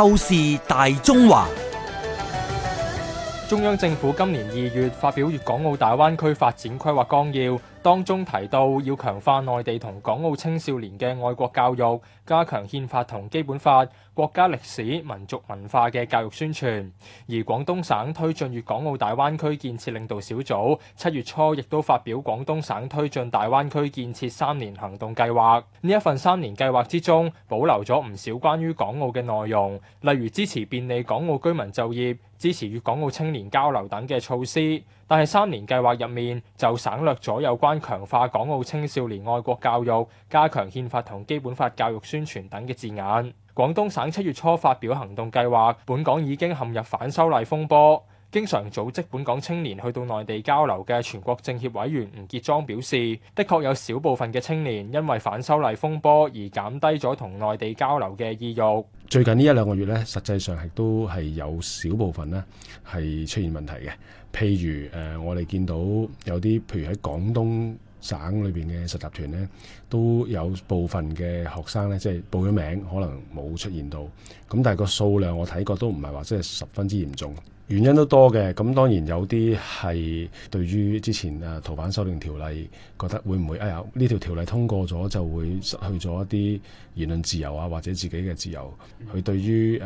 透視大中華。中央政府今年二月發表《粵港澳大灣區發展規劃綱要》。當中提到要強化內地同港澳青少年嘅愛國教育，加強憲法同基本法、國家歷史、民族文化嘅教育宣傳。而廣東省推進粵港澳大灣區建設領導小組七月初亦都發表廣東省推進大灣區建設三年行動計劃。呢一份三年計劃之中，保留咗唔少關於港澳嘅內容，例如支持便利港澳居民就業、支持粵港澳青年交流等嘅措施。但係三年計劃入面就省略咗有關強化港澳青少年愛國教育、加強憲法同基本法教育宣傳等嘅字眼。廣東省七月初發表行動計劃，本港已經陷入反修例風波。經常組織本港青年去到內地交流嘅全國政協委員吳傑莊表示，的確有少部分嘅青年因為反修例風波而減低咗同內地交流嘅意欲。最近呢一兩個月呢，實際上係都係有少部分呢係出現問題嘅。譬如誒、呃，我哋見到有啲，譬如喺廣東省裏邊嘅實習團呢，都有部分嘅學生呢，即係報咗名，可能冇出現到。咁但係個數量我睇過都唔係話真係十分之嚴重。原因都多嘅，咁當然有啲係對於之前誒《啊、逃犯修訂條例》，覺得會唔會哎呀，呢條條例通過咗就會失去咗一啲言論自由啊，或者自己嘅自由。佢對於誒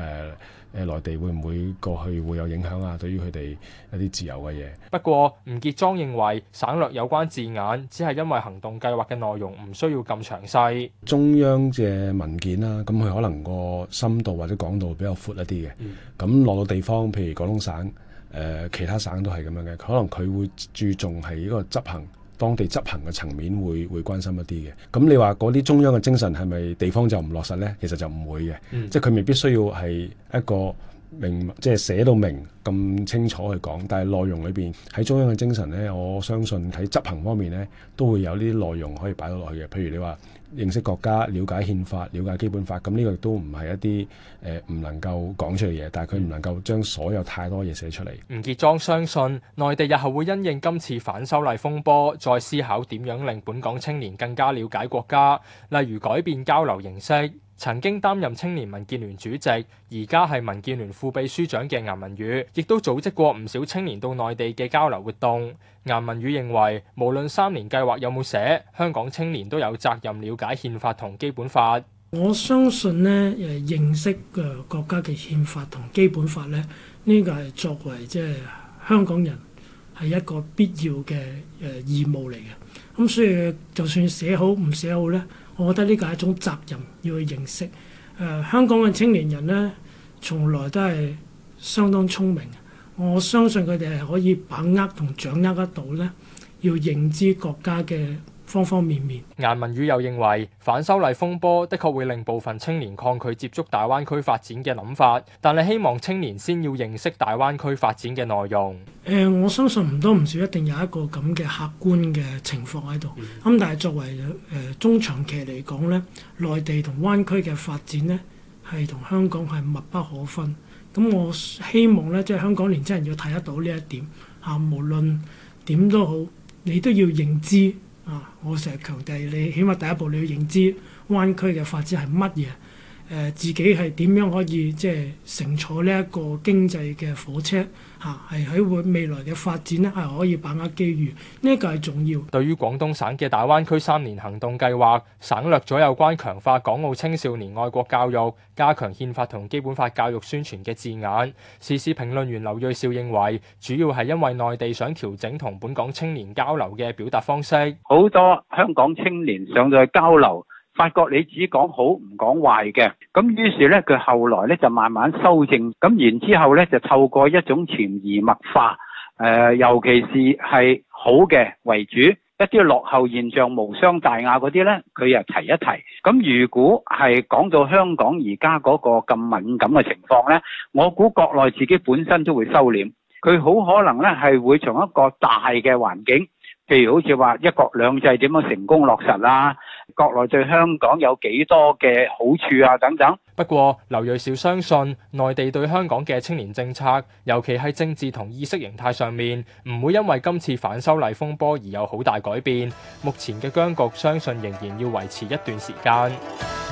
誒內地會唔會過去會有影響啊？對於佢哋一啲自由嘅嘢。不過吳傑莊認為省略有關字眼，只係因為行動計劃嘅內容唔需要咁詳細。中央嘅文件啦、啊，咁佢可能個深度或者廣度比較闊一啲嘅，咁落、嗯、到地方，譬如廣東省。省誒、呃、其他省都係咁樣嘅，可能佢會注重係呢個執行，當地執行嘅層面會會關心一啲嘅。咁你話嗰啲中央嘅精神係咪地方就唔落實呢？其實就唔會嘅，即係佢未必需要係一個明，即係寫到明咁清楚去講。但係內容裏邊喺中央嘅精神呢，我相信喺執行方面呢，都會有啲內容可以擺到落去嘅。譬如你話，認識國家、了解憲法、了解基本法，咁呢個亦都唔係一啲誒唔能夠講出嚟嘅嘢，但係佢唔能夠將所有太多嘢寫出嚟。吳傑莊相信，內地日後會因應今次反修例風波，再思考點樣令本港青年更加了解國家，例如改變交流形式。曾經擔任青年民建聯主席，而家係民建聯副秘書長嘅顏文宇，亦都組織過唔少青年到內地嘅交流活動。顏文宇認為，無論三年計劃有冇寫，香港青年都有責任了解憲法同基本法。我相信咧，誒認識嘅國家嘅憲法同基本法咧，呢個係作為即係香港人係一個必要嘅誒義務嚟嘅。咁所以就算寫好唔寫好咧，我覺得呢個係一種責任，要去認識。誒、呃，香港嘅青年人咧，從來都係相當聰明，我相信佢哋係可以把握同掌握得到咧，要認知國家嘅方方面面，顏汶羽又認為反修例風波的確會令部分青年抗拒接觸大灣區發展嘅諗法，但係希望青年先要認識大灣區發展嘅內容。誒、呃，我相信唔多唔少一定有一個咁嘅客觀嘅情況喺度。咁但係作為誒中長期嚟講咧，內地同灣區嘅發展咧係同香港係密不可分。咁我希望咧，即係，香港年輕人要睇得到呢一點吓，無論點都好，你都要認知。啊！我成日強調你，起碼第一步你要認知灣區嘅發展係乜嘢。自己係點樣可以即乘坐呢一個經濟嘅火車嚇？係喺會未來嘅發展呢，係可以把握機遇，呢、這個係重要。對於廣東省嘅大灣區三年行動計劃，省略咗有關強化港澳青少年愛國教育、加強憲法同基本法教育宣傳嘅字眼。時事評論員劉瑞兆認為，主要係因為內地想調整同本港青年交流嘅表達方式。好多香港青年想去交流。發覺你只講好唔講壞嘅，咁於是咧佢後來咧就慢慢修正，咁然之後咧就透過一種潛移默化，誒、呃、尤其是係好嘅為主，一啲落後現象無傷大雅嗰啲咧，佢又提一提。咁如果係講到香港而家嗰個咁敏感嘅情況咧，我估國內自己本身都會收斂，佢好可能咧係會從一個大嘅環境，譬如好似話一國兩制點樣成功落實啦。國內對香港有幾多嘅好處啊？等等。不過，劉瑞兆相信內地對香港嘅青年政策，尤其係政治同意識形態上面，唔會因為今次反修例風波而有好大改變。目前嘅僵局，相信仍然要維持一段時間。